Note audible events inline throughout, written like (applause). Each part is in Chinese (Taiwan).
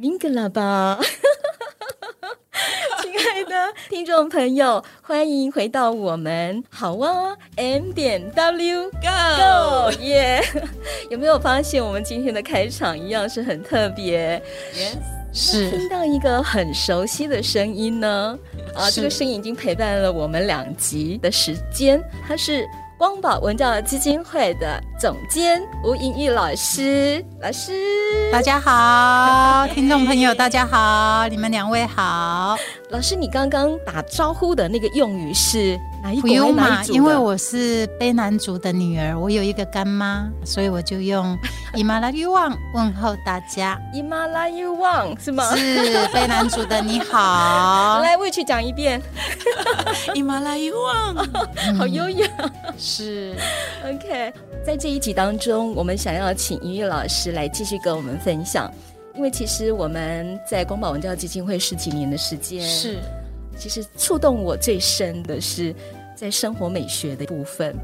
明格拉吧， (laughs) 親愛的 (laughs) 聽眾朋友，歡迎回到我們好、哦，好哇，M 點 W Go, (laughs) go! y Yeah ! e (laughs) 有沒有發現我們今天的開場一樣是很特別？是 Yes? 聽到一個很熟悉的聲音呢？是啊，這個聲音已經陪伴了我們兩集的時間，它是。光寶文教基金會的總監吳銀玉老師，老師，大家好，聽眾朋友大家好，你們兩位好，老師，你剛剛打招呼的那個用語是哪一國為主？因為我是卑南族的女兒，我有一個乾媽，所以我就用 “imala you want” 問候大家，“imala you want” 是嗎？是卑南族的你好，來，我也去講一遍，“imala you want”、嗯、好優雅、啊。是，OK。在這一集當中，我們想要請銀玉老師來繼續跟我們分享，因為其實我們在光寶文教基金會十幾年的時間，是，其實觸動我最深的是在生活美學的部分。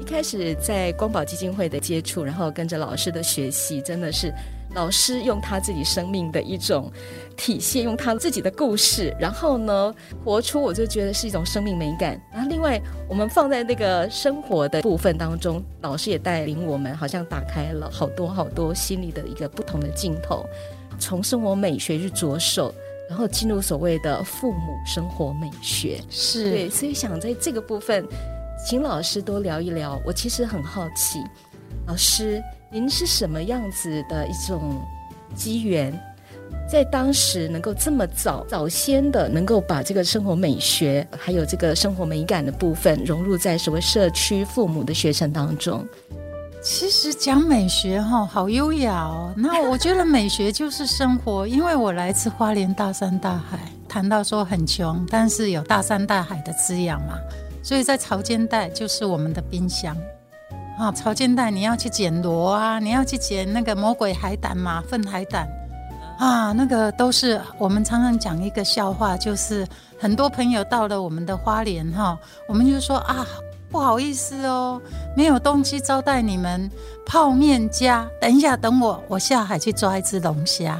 一開始在光寶基金會的接觸，然後跟着老師的學習，真的是。老師用他自己生命的一種體現，用他自己的故事，然後呢，活出我就覺得是一種生命美感。然後另外，我們放在那個生活的部分當中，老師也帶領我們，好像打開了好多好多心裡的一個不同的鏡頭，從生活美學去着手，然後進入所謂的父母生活美學。是對，所以想在這個部分，請老師多聊一聊。我其實很好奇。老師，您是什麼樣子的一種機緣，在當時能夠這麼早早先的，能夠把這個生活美學還有這個生活美感的部分融入在所謂社區父母的學程當中？其實講美學哈、哦，好優雅哦。那我覺得美學就是生活， (laughs) 因為我來自花蓮大山大海，談到說很窮，但是有大山大海的滋養嘛，所以在潮間帶就是我們的冰箱。啊，潮間帶你要去撿螺啊，你要去撿那個魔鬼海膽嘛，馬糞海膽、嗯、啊，那個都是我們常常講一個笑話，就是很多朋友到了我們的花蓮哈，我們就說啊，不好意思哦，沒有東西招待你們，泡麵加，等一下，等我，我下海去抓一隻龍蝦。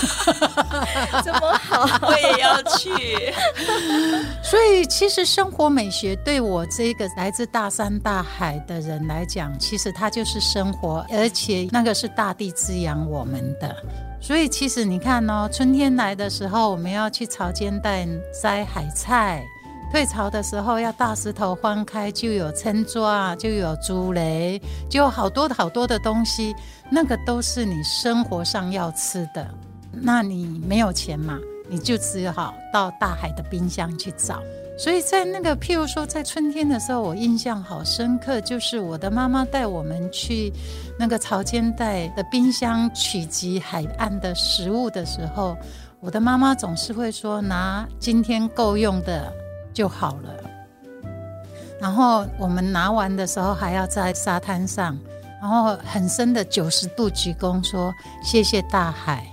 (laughs) 怎麼好，我也要去。 (laughs) 所以其實生活美學對我這個來自大山大海的人來講，其實它就是生活，而且那個是大地滋養我們的。所以其實你看呢、哦，春天來的時候，我們要去潮間帶摘海菜；退潮的時候，要大石頭翻開，就有蟶子啊，就有珠螺，就有好多好多的東西。那個都是你生活上要吃的。那你沒有錢嘛？你就只好到大海的冰箱去找。所以在那個，譬如說，在春天的時候，我印象好深刻，就是我的媽媽帶我們去那個潮間帶的冰箱取集海岸的食物的時候，我的媽媽總是會說：“拿今天夠用的就好了。”然後我們拿完的時候，還要在沙灘上，然後很深的九十度鞠躬，說：“謝謝大海。”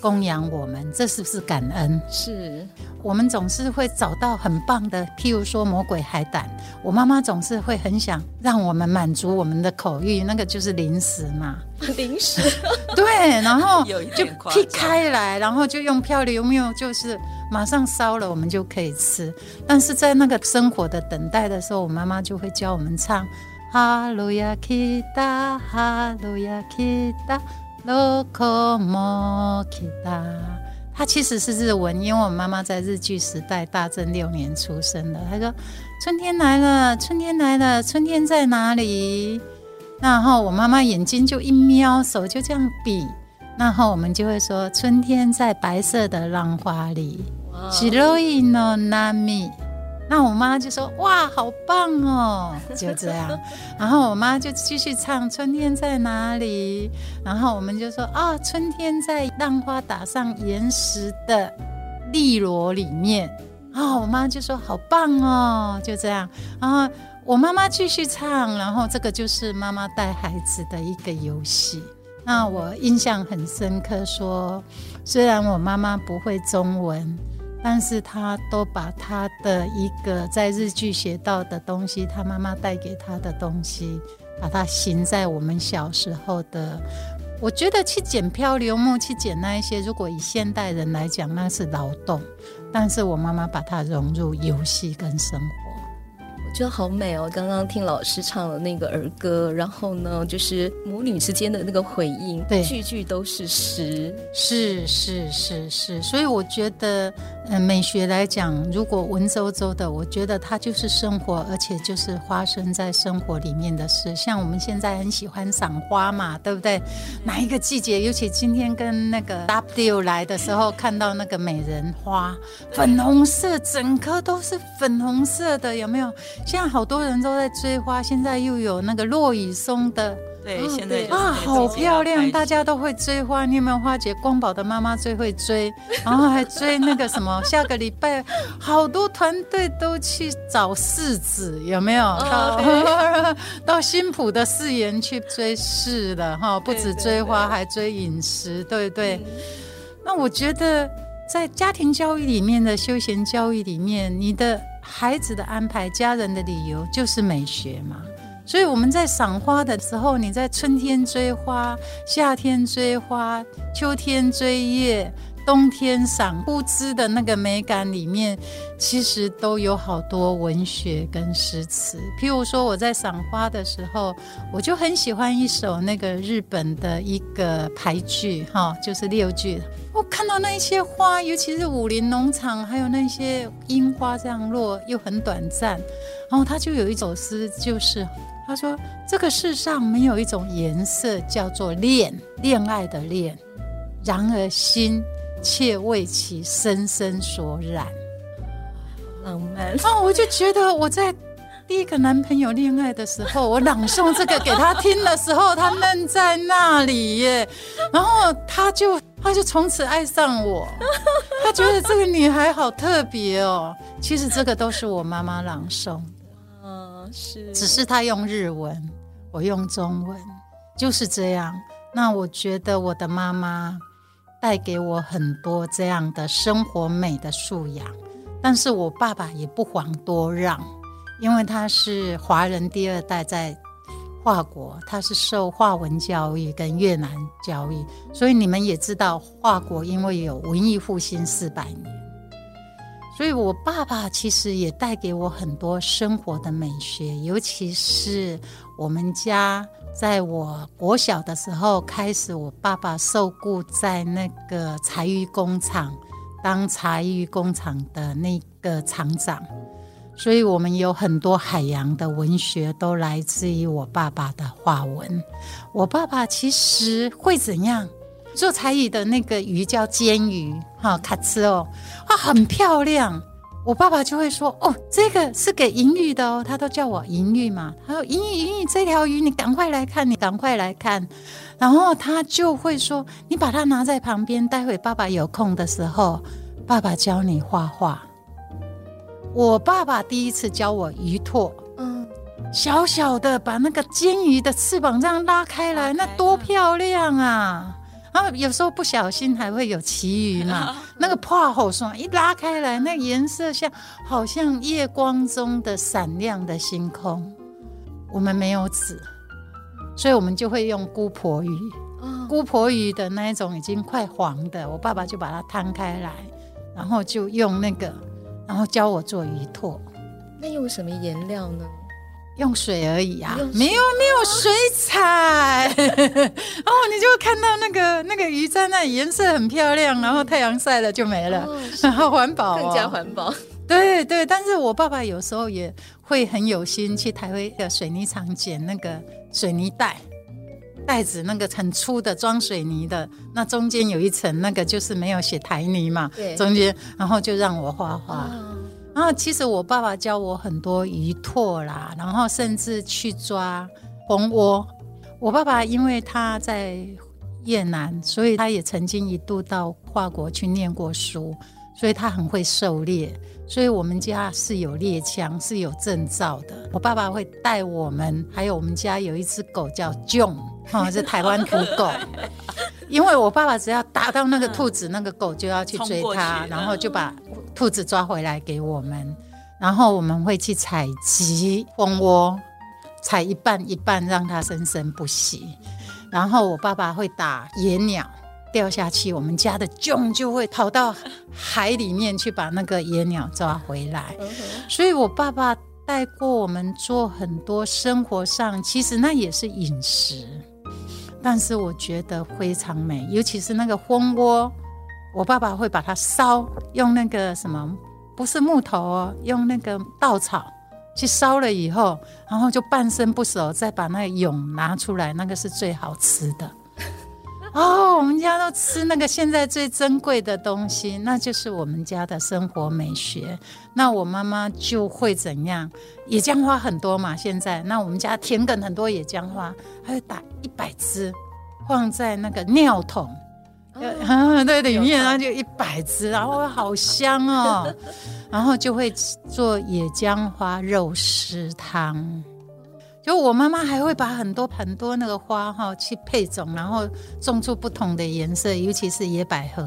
供養我們，這是不是感恩？是，我們總是會找到很棒的，譬如說魔鬼海膽。我媽媽總是會很想讓我們滿足我們的口欲，那個就是零食嘛。零食 (laughs) 對，然後就劈開來，然後就用漂流。有沒有？就是馬上燒了，我們就可以吃。但是在那個生活的等待的時候，我媽媽就會教我們唱《 (laughs) 哈嘍呀，kita 哈嘍呀，kita ロコモキタ它其實是日文，因為我媽媽在日據時代大正六年出生的。她說：“春天來了，春天來了，春天在哪裡？”然後我媽媽眼睛就一瞄，手就這樣比，然後我們就會說：“春天在白色的浪花裡。白”那我媽就說：“哇，好棒哦！”就這樣，然後我媽就繼續唱《春天在哪裡》。然後我們就說：“啊，春天在浪花打上岩石的綠蘿裡面。”啊，我媽就說：“好棒哦！”就這樣，然後我媽媽繼續唱。然後這個就是媽媽帶孩子的一個遊戲。那我印象很深刻，說雖然我媽媽不會中文。但是他都把他的一個在日劇學到的東西，他媽媽帶給他的東西，把它行在我們小時候的。我覺得去撿漂流木，去撿那一些，如果以現代人來講，那是勞動。但是我媽媽把它融入遊戲跟生活，我覺得好美哦！剛剛聽老師唱了那個兒歌，然後呢，就是母女之間的那個回應，對，句句都是詩，是是是是，所以我覺得。嗯，美學來講，如果文縐縐的，我覺得它就是生活，而且就是發生在生活裡面的事。像我們現在很喜歡賞花嘛，對不對？哪一個季節？尤其今天跟那個 W 來的時候，看到那個美人花，粉紅色，整棵都是粉紅色的，有沒有？現在好多人都在追花，現在又有那個落羽松的。對，現在是啊，好漂亮！大家都會追花，你有沒有發覺？光寶的媽媽最會追，然後還追那個什麼？ (laughs) 下個禮拜好多團隊都去找柿子，有沒有？哦、到新埔的柿園去追柿的哈，對對對對，不止追花，還追飲食，對不對？嗯、那我覺得，在家庭教育裡面的休閒教育裡面，你的孩子的安排、家人的理由，就是美學嘛。所以我們在賞花的時候，你在春天追花，夏天追花，秋天追葉，冬天賞物枝的那個美感裡面，其實都有好多文學跟詩詞。譬如說我在賞花的時候，我就很喜歡一首那個日本的一個俳句，哈，就是六句。我看到那些花，尤其是武陵農場，還有那些櫻花這樣落又很短暫，然後他就有一首詩就是。他說：“這個世上沒有一種顏色叫做戀，戀愛的戀。然而心卻為其深深所染。浪漫啊！Amen. 我就覺得我在第一個男朋友戀愛的時候，我朗誦這個給他聽的時候，他愣在那裡耶。然後他就他就從此愛上我，他覺得這個女孩好特別哦。其實這個都是我媽媽朗誦。”是，只是他用日文，我用中文，就是這樣。那我覺得我的媽媽帶給我很多這樣的生活美的素養，但是我爸爸也不遑多讓，因為他是華人第二代在華國，他是受華文教育跟越南教育，所以你們也知道，華國因為有文藝復興四百年。所以，我爸爸其實也帶給我很多生活的美學，尤其是我們家在我國小的時候，開始我爸爸受僱在那個柴魚工廠當柴魚工廠的那個廠長，所以我們有很多海洋的文學都來自於我爸爸的話文。我爸爸其實會怎樣做柴魚的那個魚叫鰹魚。啊，卡姿哦，啊，很漂亮。我爸爸就會說，哦，這個是給銀玉的哦，他都叫我銀玉嘛。他說，銀玉、銀玉，這條魚你趕快來看，你趕快來看。然後他就會說，你把它拿在旁邊，待會爸爸有空的時候，爸爸教你畫畫。我爸爸第一次教我魚拓，嗯，小小的，把那個金魚的翅膀這樣拉開來，那多漂亮啊！然後有時候不小心還會有旗魚嘛， (laughs) 那個破好爽，一拉開來，那顏色像好像夜光中的閃亮的星空。我們沒有紙，所以我們就會用姑婆魚，哦、姑婆魚的那一種已經快黃的，我爸爸就把它攤開來，然後就用那個，然後教我做魚拓。那用什麼顏料呢？用水而已啊，沒有沒有水彩 (laughs) 哦，你就看到那個那個魚在那，顏色很漂亮，然後太陽曬了就沒了，哦、然後環保、哦，更加環保。對對，但是我爸爸有時候也會很有心去台灣的水泥廠撿那個水泥袋袋子，那個很粗的裝水泥的，那中間有一層，那個就是沒有寫台泥嘛，對，對中間，然後就讓我畫畫。哦然後其實我爸爸教我很多魚拓啦，然後甚至去抓蜂窩。我爸爸因為他在越南，所以他也曾經一度到跨國去念過書，所以他很會狩獵，所以我們家是有獵槍，是有證照的。我爸爸會帶我們，還有我們家有一隻狗叫炯，啊，是台灣土狗， (laughs) 因為我爸爸只要打到那個兔子，那個狗就要去追它，然後就把。兔子抓回來給我們，然後我們會去採集蜂窩，採一半一半，讓它生生不息。然後我爸爸會打野鳥，掉下去，我們家的 j 就會跑到海裡面去把那個野鳥抓回來。 (laughs) 所以，我爸爸帶過我們做很多生活上，其實那也是飲食，但是我覺得非常美，尤其是那個蜂窩。我爸爸會把它燒，用那個什麼，不是木頭哦，用那個稻草去燒了以後，然後就半生不熟，再把那個蛹拿出來，那個是最好吃的。哦， (laughs) oh, 我們家都吃那個現在最珍貴的東西，那就是我們家的生活美學。那我媽媽就會怎樣？野薑花很多嘛，現在那我們家田埂很多野薑花，她會打一百枝放在那個尿桶。哦、嗯，對、嗯，裡面然後就一百支、嗯、然後好香哦， (laughs) 然後就會做野薑花肉絲湯。就我媽媽還會把很多很多那個花哈去配種，然後種出不同的顏色，尤其是野百合，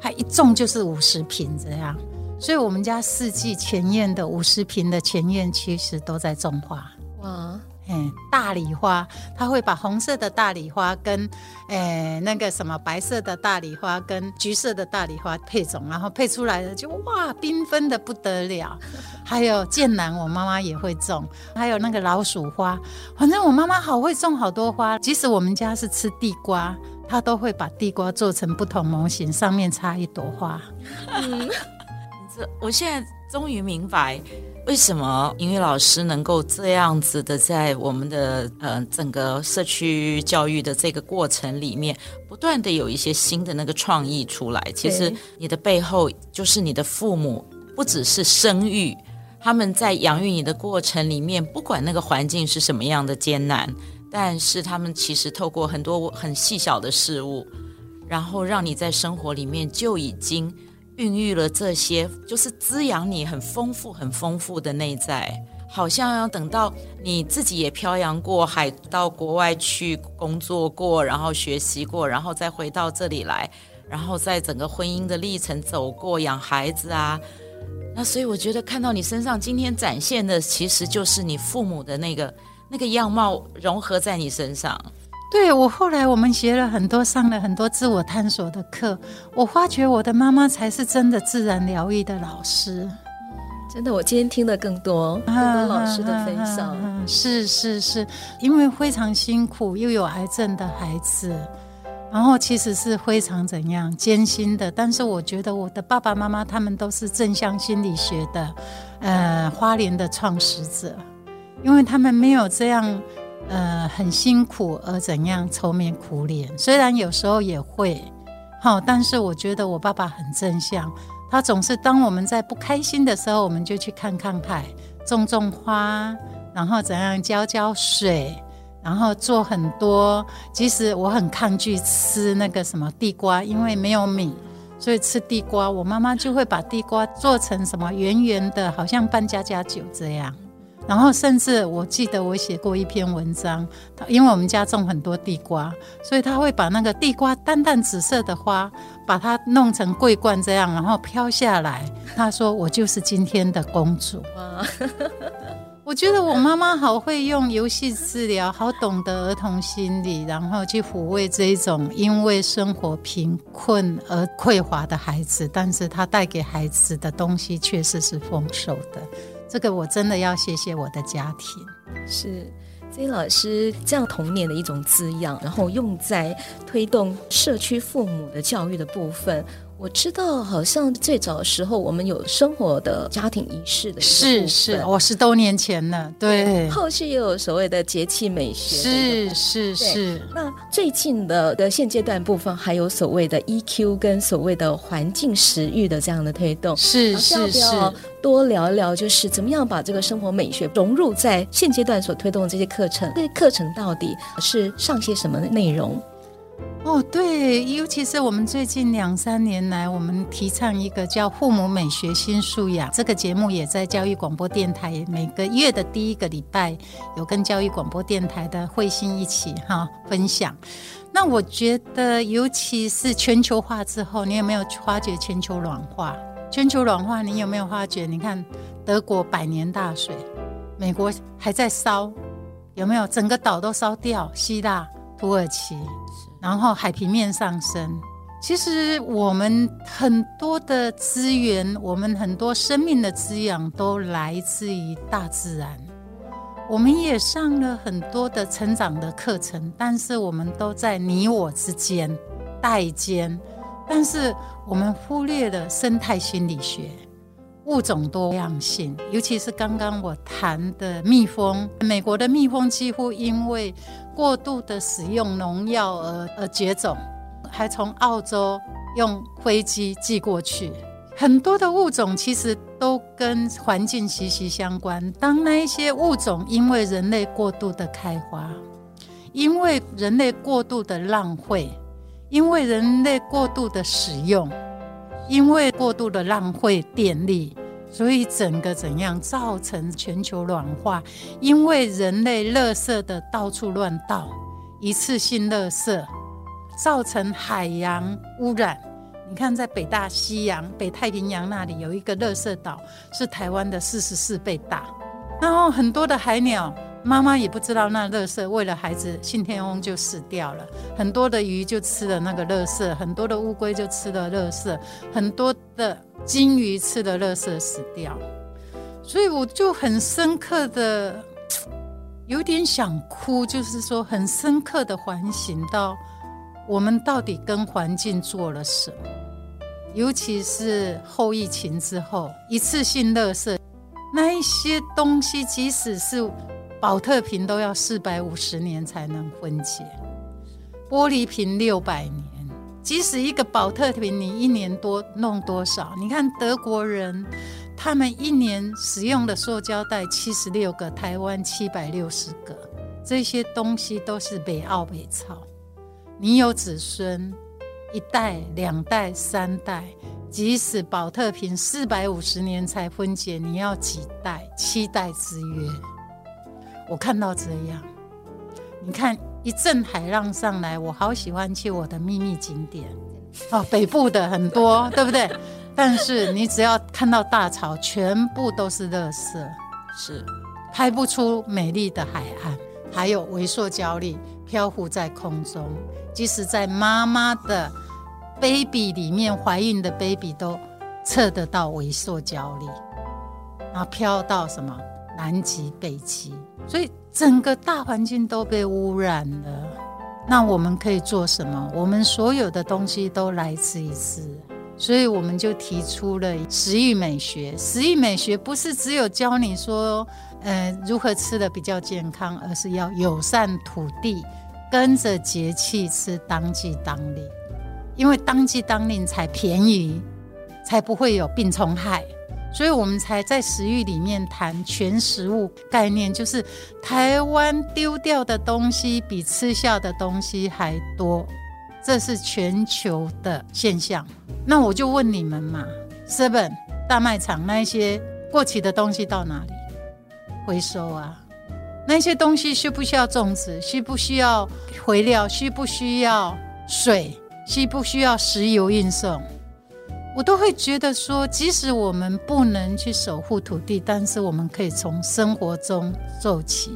它一種就是五十坪這樣。所以我們家四季前院的五十坪的前院其實都在種花哇。嗯嗯，大麗花，他會把紅色的大麗花跟，誒、欸，那個什麼白色的大麗花跟橘色的大麗花配種，然後配出來的就哇，繽紛的不得了。還有劍蘭，我媽媽也會種，還有那個老鼠花，反正我媽媽好會種好多花。即使我們家是吃地瓜，她都會把地瓜做成不同模型，上面插一朵花。嗯，這我現在終於明白。為什麼銀玉老師能夠這樣子的在我們的呃整個社區教育的這個過程裡面，不斷的有一些新的那個創意出來？其實你的背後就是你的父母，不只是生育，他們在養育你的過程裡面，不管那個環境是什麼樣的艱難，但是他們其實透過很多很細小的事物，然後讓你在生活裡面就已經。孕育了這些，就是滋養你很豐富、很豐富的內在。好像要等到你自己也漂洋過海到國外去工作過，然後學習過，然後再回到這裡來，然後在整個婚姻的歷程走過，養孩子啊。那所以我覺得看到你身上今天展現的，其實就是你父母的那個那個樣貌融合在你身上。對我後來，我們學了很多，上了很多自我探索的課。我發覺我的媽媽才是真的自然療癒的老師。真的，我今天聽了更多，更多老師的分享、啊。是是是，因為非常辛苦，又有癌症的孩子，然後其實是非常怎樣艱辛的。但是我覺得我的爸爸媽媽他們都是正向心理學的，呃，花蓮的創始者，因為他們沒有這樣。呃，很辛苦而怎樣愁眉苦臉，雖然有時候也會好，但是我覺得我爸爸很正向，他總是當我們在不開心的時候，我們就去看看海，種種花，然後怎樣澆澆水，然後做很多。其實我很抗拒吃那個什麼地瓜，因為沒有米，所以吃地瓜，我媽媽就會把地瓜做成什麼圓圓的，好像扮家家酒，這樣。然後，甚至我記得我寫過一篇文章，因為我們家種很多地瓜，所以他會把那個地瓜淡淡紫色的花，把它弄成桂冠這樣，然後飄下來。他說：“我就是今天的公主啊。” (laughs) 我覺得我媽媽好會用遊戲治療，好懂得兒童心理，然後去撫慰這一種因為生活貧困而匱乏的孩子。但是，她帶給孩子的東西確實是豐收的。這個我真的要謝謝我的家庭。是，所以老師這樣童年的一種滋養，然後用在推動社區父母的教育的部分？我知道，好像最早的時候，我們有生活的家庭儀式的，是是，哦，十多年前了。對，後續也有所謂的節氣美學，對對是是是。那最近的的現階段部分，還有所謂的 EQ 跟所謂的環境教育的這樣的推動，是是是。要不要多聊聊，就是怎麼樣把這個生活美學融入在現階段所推動的這些課程？這些課程到底是上些什麼內容？哦，對，尤其是我們最近兩三年來，我們提倡一個叫“父母美學新素養”這個節目，也在教育廣播電台每個月的第一個禮拜有跟教育廣播電台的慧心一起哈、哦、分享。那我覺得，尤其是全球化之後，你有沒有發覺全球暖化？全球暖化，你有沒有發覺？你看德國百年大水，美國還在燒，有沒有？整個島都燒掉，希臘、土耳其。然後海平面上升，其實我們很多的資源，我們很多生命的滋養都來自於大自然。我們也上了很多的成長的課程，但是我們都在你我之間代間，但是我們忽略了生態心理學、物種多樣性，尤其是剛剛我談的蜜蜂，美國的蜜蜂幾乎因為。過度的使用農藥而而絕種，還從澳洲用飛機寄過去。很多的物種其實都跟環境息息相關。當那一些物種因為人類過度的開發，因為人類過度的浪費，因為人類過度的使用，因為過度的浪費電力。所以整個怎樣造成全球暖化？因為人類垃圾的到處亂倒，一次性垃圾造成海洋污染。你看，在北大西洋、北太平洋那裡有一個垃圾島，是台灣的四十四倍大。然後很多的海鳥媽媽也不知道那垃圾，為了孩子信天翁就死掉了。很多的魚就吃了那個垃圾，很多的烏龜就吃了垃圾，很多的。金魚吃的垃圾死掉，所以我就很深刻的，有點想哭，就是說很深刻的反省到，我們到底跟環境做了什麼？尤其是後疫情之後，一次性垃圾，那一些東西，即使是寶特瓶都要四百五十年才能分解，玻璃瓶六百年。即使一個寶特瓶，你一年多弄多少？你看德國人，他們一年使用的塑膠袋七十六個，台灣七百六十個。這些東西都是北澳北抄。你有子孫，一代、兩代、三代，即使寶特瓶四百五十年才分解，你要幾代？七代之約。我看到這樣，你看。一陣海浪上來，我好喜歡去我的秘密景點，哦，北部的很多， (laughs) 對不對？但是你只要看到大潮，全部都是垃圾，是拍不出美麗的海岸，還有微塑膠粒，漂浮在空中，即使在媽媽的 baby 裡面懷孕的 baby 都測得到微塑膠粒，然後飄到什麼南極、北極。所以整個大環境都被汙染了，那我們可以做什麼？我們所有的東西都來自於吃，所以我們就提出了食育美學。食育美學不是只有教你說，呃，如何吃得比較健康，而是要友善土地，跟着節氣吃當季當令，因為當季當令才便宜，才不會有病蟲害。所以我們才在食育裡面談全食物概念，就是台灣丟掉的東西比吃下的東西還多，這是全球的現象。那我就問你們嘛，Seven 大賣場那些過期的東西到哪裡回收啊？那些東西需不需要種植？需不需要肥料？需不需要水？需不需要石油運送？我都會覺得說，即使我們不能去守護土地，但是我們可以從生活中做起。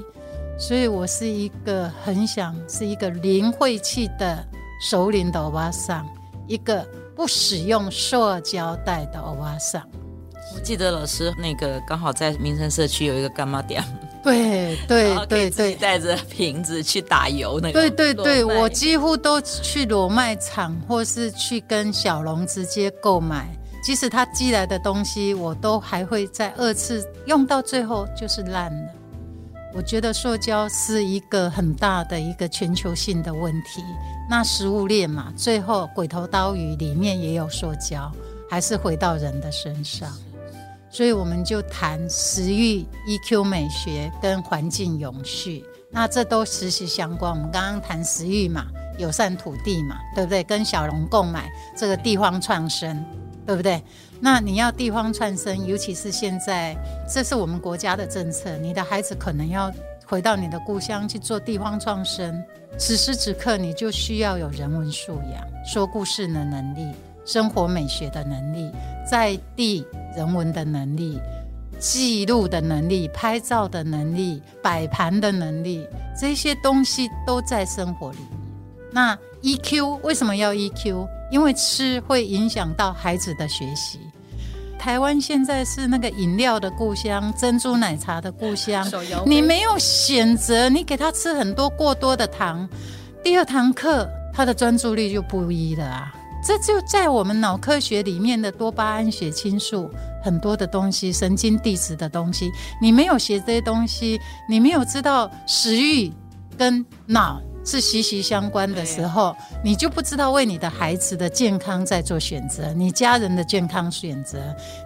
所以我是一個很想是一個零廢棄物的熟齡的歐巴桑，一個不使用塑膠袋的歐巴桑。我記得老師那個剛好在民生社區有一個乾媽店。對對對對，對，帶着瓶子去打油那個，對。對對對，我幾乎都去裸賣場，或是去跟小龍直接購買，即使他寄來的東西，我都還會再二次用，到最後就是爛了。我覺得塑膠是一個很大的一個全球性的問題。那食物鏈嘛，最後鬼頭刀魚裡面也有塑膠，還是回到人的身上。所以我們就談生態、EQ、美學跟環境永續，那這都息息相關。我們剛剛談生態嘛，友善土地嘛，對不對？跟小農購買，這個地方創生，對,對不對？那你要地方創生，尤其是現在，這是我們國家的政策。你的孩子可能要回到你的故鄉去做地方創生，此時此刻你就需要有人文素養，說故事的能力。生活美學的能力，在地人文的能力，記錄的能力，拍照的能力，擺盤的能力，這些東西都在生活裡面。那 EQ 為什麼要 EQ？因為吃會影響到孩子的學習。台灣現在是那個飲料的故鄉，珍珠奶茶的故鄉。你沒有選擇，你給他吃很多過多的糖。第二堂課，他的專注力就不一樣了啊。這就在我們腦科學裡面的多巴胺、血清素很多的東西，神經遞質的東西。你沒有學這些東西，你沒有知道食欲跟腦是息息相關的時候，對你就不知道為你的孩子的健康在做選擇，你家人的健康選擇，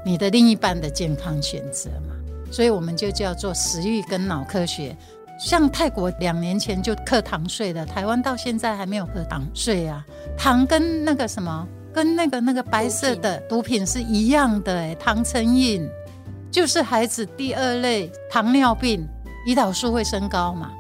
你的另一半的健康選擇嘛。所以我們就叫做食欲跟腦科學。像泰國兩年前就課糖稅了，台灣到現在還沒有課糖稅啊。糖跟那個什麼，跟那個那個白色的毒品是一樣的，糖成癮就是孩子第二類糖尿病，胰島素會升高嘛。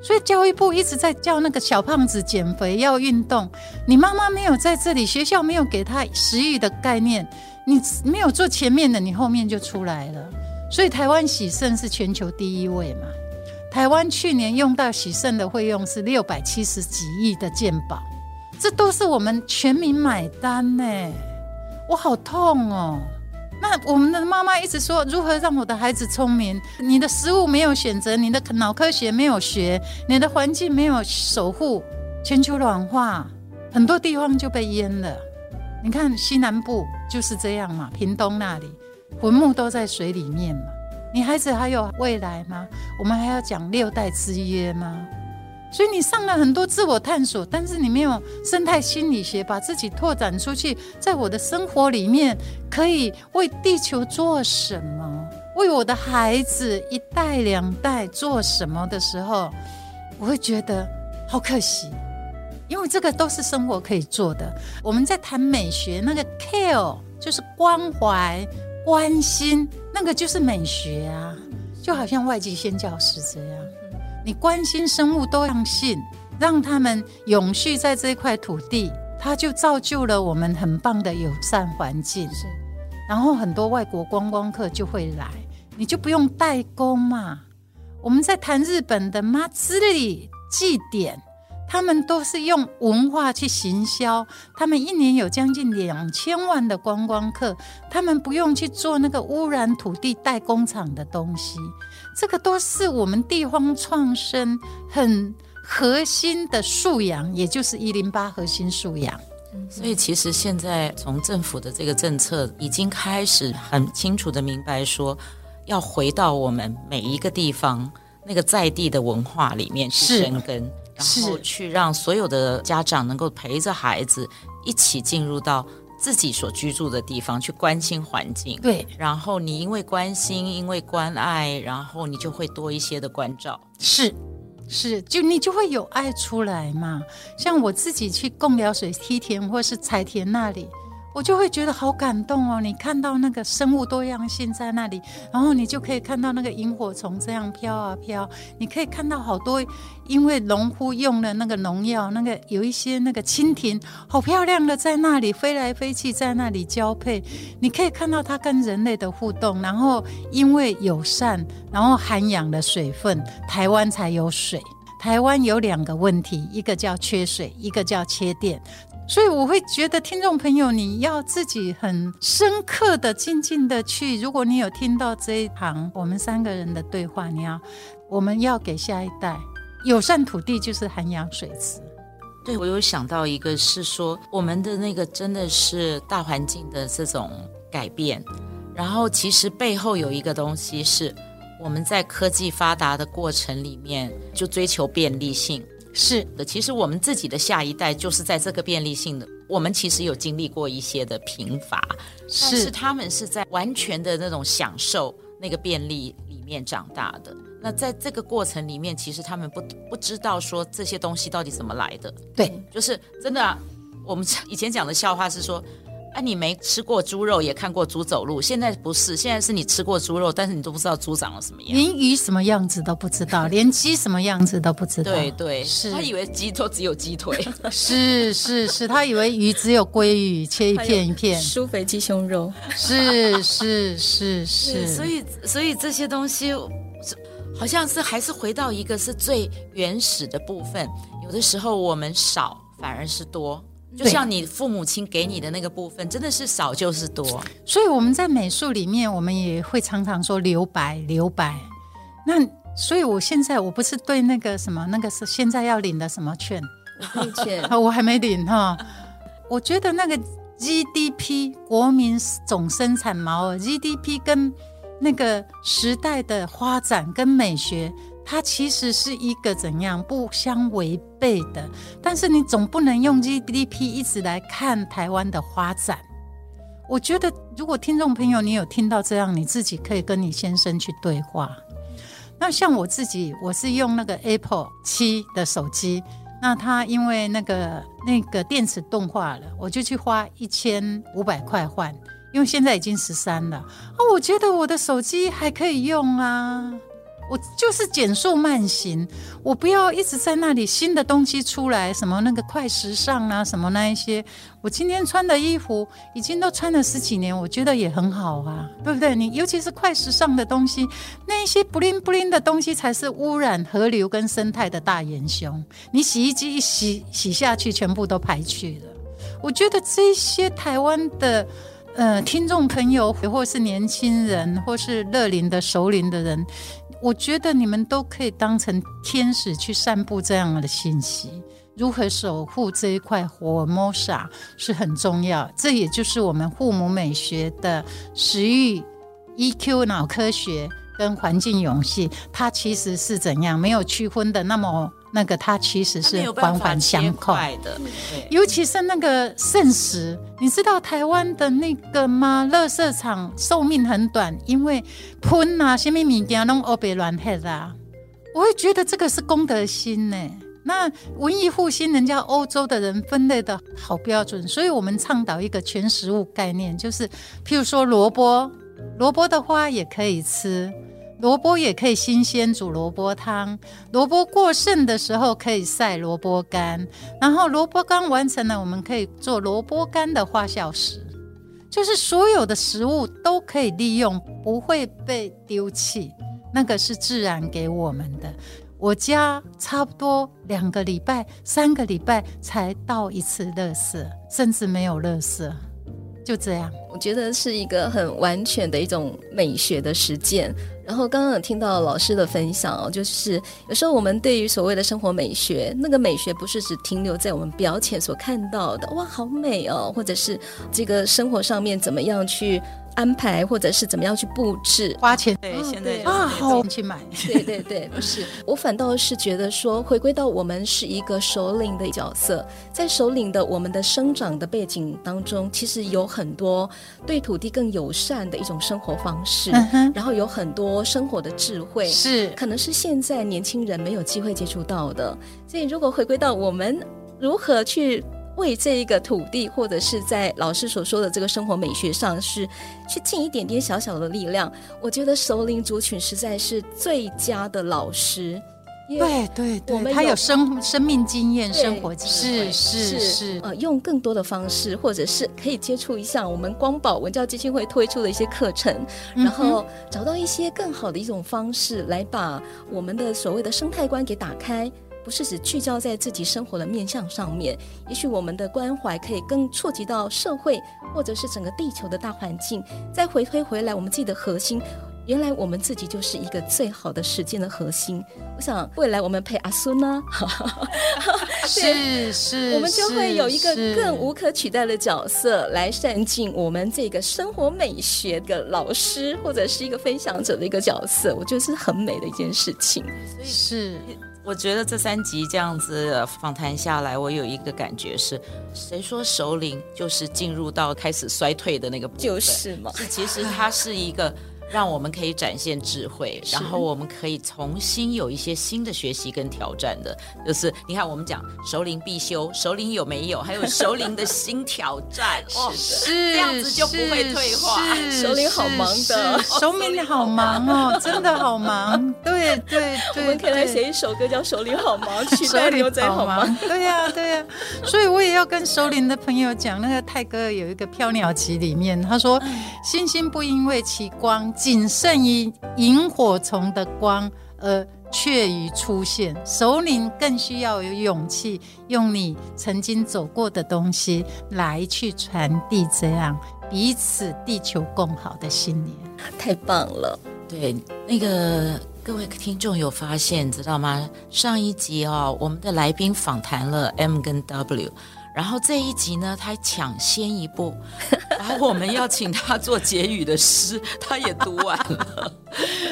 所以教育部一直在叫那個小胖子減肥要運動。你媽媽沒有在這裡，學校沒有給他食慾的概念，你沒有做前面的，你後面就出來了。所以台灣洗腎是全球第一位嘛。台灣去年用到洗腎的費用是六百七十幾億的健保，這都是我們全民買單耶。我好痛哦、喔！那我們的媽媽一直說，如何讓我的孩子聰明？你的食物沒有選擇，你的腦科學沒有學，你的環境沒有守護。全球暖化，很多地方就被淹了。你看西南部就是這樣嘛，屏東那裡墳墓都在水裡面嘛。你孩子還有未來嗎？我們還要講六代之約嗎？所以你上了很多自我探索，但是你沒有生態心理學，把自己拓展出去，在我的生活裡面可以為地球做什麼，為我的孩子一代兩代做什麼的時候，我會覺得好可惜，因為這個都是生活可以做的。我們在談美學，那個 care 就是關懷、關心。那個就是美學啊，就好像外籍宣教師這樣，你關心生物多樣性，讓他們永續在這塊土地，它就造就了我們很棒的友善環境。是然後很多外國觀光客就會來，你就不用代工嘛。我們在談日本的媽之里祭典。他們都是用文化去行銷，他們一年有將近兩千萬的觀光客，他們不用去做那個污染土地代工廠的東西，這個都是我們地方創生很核心的素養，也就是一零八核心素養。所以，其實現在從政府的這個政策已經開始很清楚的明白說，要回到我們每一個地方那個在地的文化裡面去深耕。是去讓所有的家長能夠陪着孩子一起進入到自己所居住的地方去關心環境，對。然後你因為關心，因為關愛，然後你就會多一些的關照，是，是，就你就會有愛出來嘛。像我自己去貢寮水梯田或是彩田那裡。我就會覺得好感動哦！你看到那個生物多樣性在那裡，然後你就可以看到那個螢火蟲這樣飄啊飄。你可以看到好多，因為農夫用了那個農藥，那個有一些那個蜻蜓，好漂亮的，在那裡飛來飛去，在那裡交配。你可以看到它跟人類的互動，然後因為友善，然後涵養了水分，台灣才有水。台灣有兩個問題，一個叫缺水，一個叫缺電。所以我會覺得，聽眾朋友，你要自己很深刻的、靜靜的去。如果你有聽到這一行我們三個人的對話，你要，我們要給下一代，友善土地就是涵養水池。對，我有想到一個，是說我們的那個真的是大環境的這種改變，然後其實背後有一個東西是我們在科技發達的過程裡面就追求便利性。是的，其實我們自己的下一代就是在這個便利性的，我們其實有經歷過一些的貧乏，是但是他們是在完全的那種享受那個便利裡面長大的。那在這個過程裡面，其實他們不不知道說這些東西到底怎麼來的。對，就是真的啊，我們以前講的笑話是說。啊，你沒吃過豬肉，也看過豬走路。現在不是，現在是你吃過豬肉，但是你都不知道豬長了什麼樣。連魚什麼樣子都不知道，連雞什麼樣子都不知道。 (laughs) 對對，是他以為雞都只有雞腿。 (laughs) 是是是，他以為魚只有鮭魚，切一片一片。舒肥雞胸肉。 (laughs) 是是是是。所以所以這些東西，好像是還是回到一個是最原始的部分。有的時候我們少，反而是多。就像你父母親給你的那個部分，對真的是少就是多。所以我們在美術裡面，我們也會常常說留白，留白。那所以，我現在我不是對那個什麼那個是現在要領的什麼券，券確我還沒領哈。我覺得那個 GDP 國民總生產毛 GDP 跟那個時代的發展跟美學。它其實是一個怎樣不相違背的，但是你總不能用 GDP 一直來看台灣的發展。我覺得，如果聽眾朋友你有聽到這樣，你自己可以跟你先生去對話。那像我自己，我是用那個 Apple 七的手機，那它因為那個那個電池鈍化了，我就去花一千五百塊換，因為現在已經十三了啊，我覺得我的手機還可以用啊。我就是減速慢行，我不要一直在那裡，新的東西出來，什麼那個快時尚啊，什麼那一些，我今天穿的衣服已經都穿了十幾年，我覺得也很好啊，對不對？你尤其是快時尚的東西，那一些 bling bling 的東西才是污染河流跟生態的大元凶。你洗衣機一洗一洗，洗下去，全部都排去了。我覺得這些台灣的呃聽眾朋友，或是年輕人，或是樂齡的熟齡的人，我覺得你們都可以當成天使去散布這樣的信息，如何守護這一塊福爾摩沙是很重要。這也就是我們父母美學的食欲、e、EQ、腦科學跟環境永續，它其實是怎樣沒有區分的那麼。那個它其實是環環相扣的，尤其是那個剩食，嗯、你知道台灣的那個嗎？垃圾場壽命很短，因為噴拿、啊、什麼物要弄黑白亂配啊！我會覺得這個是公德心呢。那文藝復興人家歐洲的人分類得好標準，所以我們倡導一個全食物概念，就是譬如說蘿蔔，蘿蔔的花也可以吃。蘿蔔也可以新鮮煮蘿蔔湯，蘿蔔過剩的時候可以曬蘿蔔乾，然後蘿蔔乾完成了，我們可以做蘿蔔乾的發酵食，就是所有的食物都可以利用，不會被丟棄，那個是自然給我們的。我家差不多兩個禮拜、三個禮拜才倒一次垃圾，甚至沒有垃圾。就這樣，我覺得是一個很完全的一種美學的實踐。然後剛剛有聽到老師的分享哦，就是有時候我們對於所謂的生活美學，那個美學不是只停留在我們表淺所看到的，哇，好美哦，或者是這個生活上面怎麼樣去。安排或者是怎麼樣去布置，花錢、哦、對現在也啊，以對好去買，對對對，對 (laughs) 不是我反倒是覺得說，回歸到我們是一個首領的角色，在首領的我們的生長的背景當中，其實有很多對土地更友善的一種生活方式，嗯、哼然後有很多生活的智慧，是可能是現在年輕人沒有機會接觸到的。所以，如果回歸到我們如何去。為這一個土地，或者是在老師所說的這個生活美學上是，是去盡一點點小小的力量。我覺得熟齡族群實在是最佳的老師。Yeah, 對對對，我們有他有生生命經驗、生活經驗對是是是,是、呃。用更多的方式，或者是可以接觸一下我們光寶文教基金會推出的一些課程，嗯、哼然後找到一些更好的一種方式來把我們的所謂的生態觀給打開。不是只聚焦在自己生活的面向上面，也許我們的關懷可以更觸及到社會或者是整個地球的大環境，再回推回來，我們自己的核心，原來我們自己就是一個最好的時間的核心。我想未來我們陪阿孫呢，是 (laughs) (laughs) 是，是是 (laughs) 我們就會有一個更無可取代的角色來善盡我們這個生活美學的老師或者是一個分享者的一個角色，我覺得是很美的一件事情。所以是。我覺得這三集這樣子訪談下來，我有一個感覺是，誰說熟齡就是進入到開始衰退的那個部分？就是嘛，是其實他是一個。讓我們可以展現智慧，然後我們可以重新有一些新的學習跟挑戰的，就是你看，我們講熟齡必修，熟齡有沒有？還有熟齡的新挑戰， (laughs) 哦、是的。是這樣子就不會退化。熟齡好忙的，熟齡好忙哦，忙哦真的好忙。對對 (laughs) 對，對對我們可以來寫一首歌，叫《熟齡好忙》，取 (laughs) 代牛仔好忙。對呀，對呀。所以我也要跟熟齡的朋友講，那個泰戈爾有一個《飛鳥集》裡面，他說：“星星不因為奇光。”僅剩於螢火蟲的光，而怯於出現。熟齡更需要有勇氣，用你曾經走過的東西來去傳遞這樣彼此地球共好的信念。太棒了！對，那個各位聽眾有發現，知道嗎？上一集哦，我們的來賓訪談了 M 跟 W。然後這一集呢，他搶先一步，然後我們要請他做結語的詩，他也讀完了，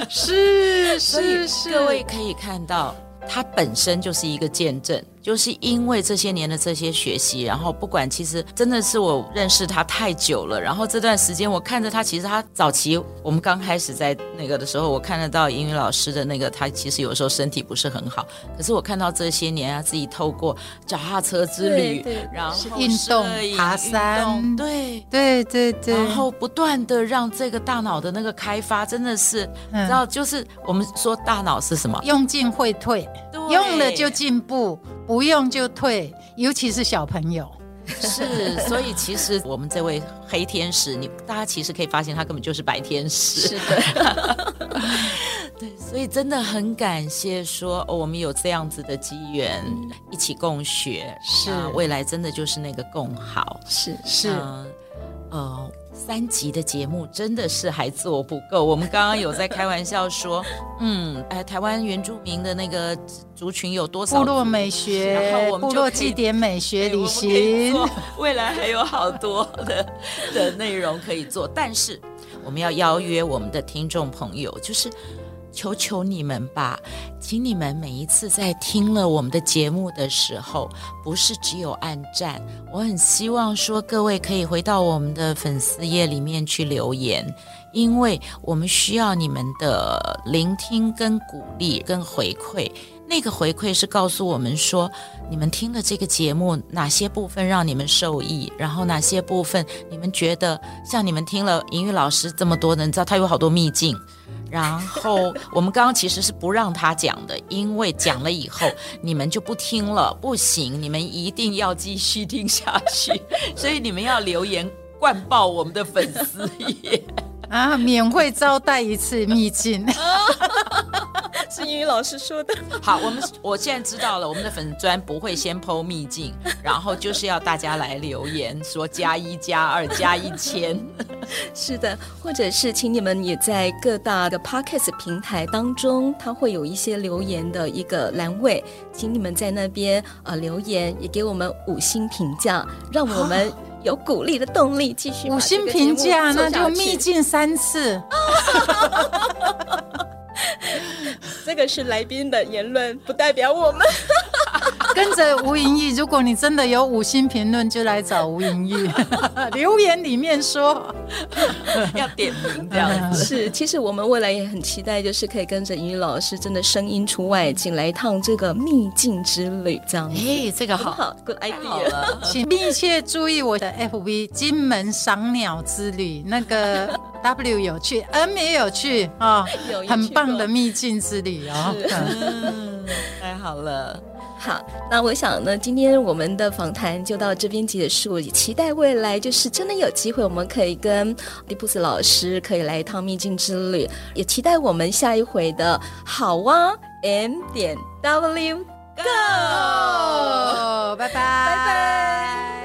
是是 (laughs) 是，是是，各位可以看到，他本身就是一個見證。就是因為這些年的這些學習，然後不管，其實真的是我認識他太久了，然後這段時間我看着他，其實他早期我們剛開始在那個的時候，我看得到銀玉老師的那個，他其實有時候身體不是很好，可是我看到這些年啊，自己透過腳踏車之旅，對對 然後運動爬山，對對對對，然後不斷的讓這個大腦的那個開發，真的是，然後就是我們說大腦是什麼，用進廢退，嗯、對 用了就進步。不用就退，尤其是小朋友，是。所以其實我們這位黑天使，你大家其實可以發現，他根本就是白天使。是的。 (laughs) 對，所以真的很感謝說，說哦，我們有這樣子的機緣，嗯、一起共學，是、啊、未來真的就是那個共好。是是。嗯。呃呃三集的節目真的是還做不夠。我們剛剛有在開玩笑說，嗯，呃，台灣原住民的那個族群有多少部落美學，然後部落祭典美學旅行，未來還有好多的的內容可以做。但是我們要邀約我們的聽眾朋友，就是。求求你們吧，請你們每一次在聽了我們的節目的時候，不是只有按讚，我很希望說各位可以回到我們的粉絲頁裡面去留言，因為我們需要你們的聆聽、跟鼓勵、跟回饋。那個回饋是告訴我們說，你們聽了這個節目哪些部分讓你們受益，然後哪些部分你們覺得像你們聽了銀玉老師這麼多人，你知道他有好多秘境。然後我們剛剛其實是不讓他講的，因為講了以後你們就不聽了，不行，你們一定要繼續聽下去。所以你們要留言灌爆我們的粉絲頁啊，免費招待一次秘境。 (laughs) 是英語老師說的。好，我們我現在知道了，我們的粉專不會先 po 秘境，然後就是要大家來留言說加一加二加一千。1, (laughs) 是的，或者是請你們也在各大的 Podcast 平台當中，它會有一些留言的一個欄位，請你們在那邊呃留言，也給我們五星評價，讓我們有鼓勵的動力繼續去五星評價。那就秘境三次。 (laughs) 這個是來賓的言論，不代表我們。跟着吳銀玉，如果你真的有五星評論，就來找吳銀玉留言裡面說，要點名這樣子。是，其實我們未來也很期待，就是可以跟着銀玉老師，真的聲音出外景，來一趟這個秘境之旅，這樣。哎、欸，這個好，好，good idea。好，請密切注意我的 F V 金門賞鳥之旅，那個 W 有趣，M 也有趣啊，哦、趣很棒的秘境之旅哦。太好了。好，那我想呢，今天我們的訪談就到這邊結束。也期待未來，就是真的有機會，我們可以跟迪布斯老師可以來一趟秘境之旅。也期待我們下一回的好、啊，好哇，M 點 W Go，拜拜。